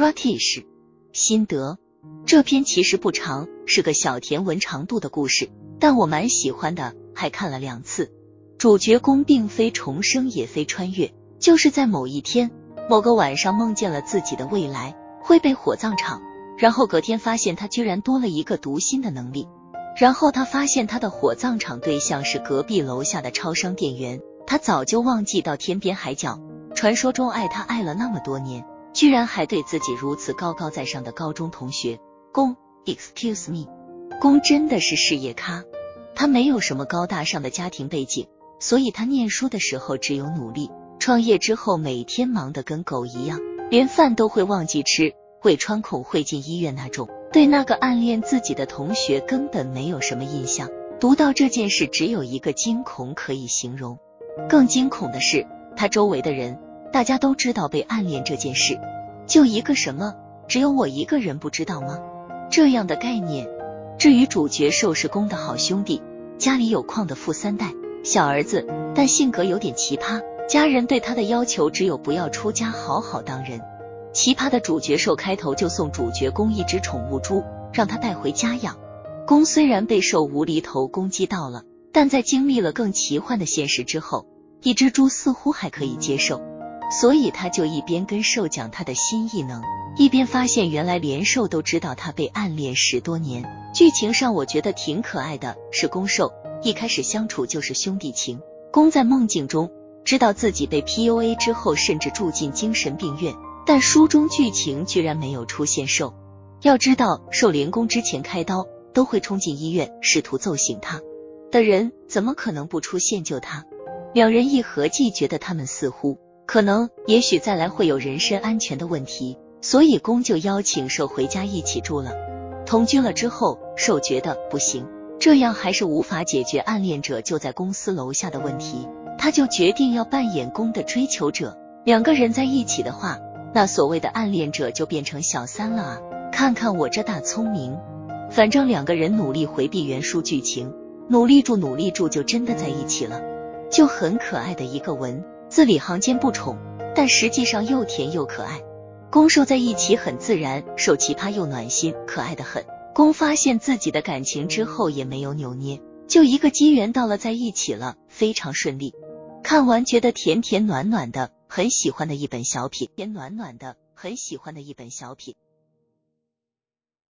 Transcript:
RatIsh，心得，這篇其實不長，是個小甜文長度的故事，但我蠻喜歡的，還看了兩次。主角攻並非重生，也非穿越，就是在某一天，某個晚上夢見了自己的未來會被火葬場，然後隔天發現他居然多了一個讀心的能力。然後他發現他的火葬場對象是隔壁樓下的超商店員，他早就忘記到天邊海角，傳說中愛他愛了那麼多年。居然還對自己如此高高在上的高中同學，攻，excuse me，攻真的是事業咖，他沒有什麼高大上的家庭背景，所以他念書的時候只有努力，創業之後每天忙得跟狗一樣，連飯都會忘記吃，會穿孔會進醫院那種。對那個暗戀自己的同學根本沒有什麼印象。讀到這件事只有一個驚恐可以形容，更驚恐的是他周圍的人。大家都知道被暗戀這件事，就一個什麼，只有我一個人不知道嗎？這樣的概念。至於主角受是攻的好兄弟，家裡有礦的富三代小兒子，但性格有點奇葩。家人對他的要求只有不要出家，好好當人。奇葩的主角受開頭就送主角攻一隻寵物豬，讓他帶回家養。攻雖然被受無厘頭攻擊到了，但在經歷了更奇幻的現實之後，一隻豬似乎還可以接受。所以他就一邊跟受講他的新異能，一邊發現原來連受都知道他被暗戀十多年。劇情上我覺得挺可愛的，是攻受一開始相處就是兄弟情。攻在夢境中知道自己被 PUA 之後，甚至住進精神病院，但書中劇情居然沒有出現受。要知道受連攻之前開刀都會衝進醫院試圖揍醒他的人，怎麼可能不出現救他？兩人一合計，覺得他們似乎。可能也許再來會有人身安全的問題，所以公就邀請受回家一起住了。同居了之後，受覺得不行，這樣還是無法解決暗戀者就在公司樓下的問題。他就決定要扮演公的追求者。兩個人在一起的話，那所謂的暗戀者就變成小三了啊！看看我這大聰明。反正兩個人努力迴避原書劇情，努力住努力住，就真的在一起了，就很可愛的一個文。字裡行間不寵，但實際上又甜又可愛。攻受在一起很自然，受奇葩又暖心，可愛的很。攻發現自己的感情之後也沒有扭捏，就一個機緣到了在一起了，非常順利。看完覺得甜甜暖暖的，很喜歡的一本小品。甜暖暖的，很喜歡的一本小品。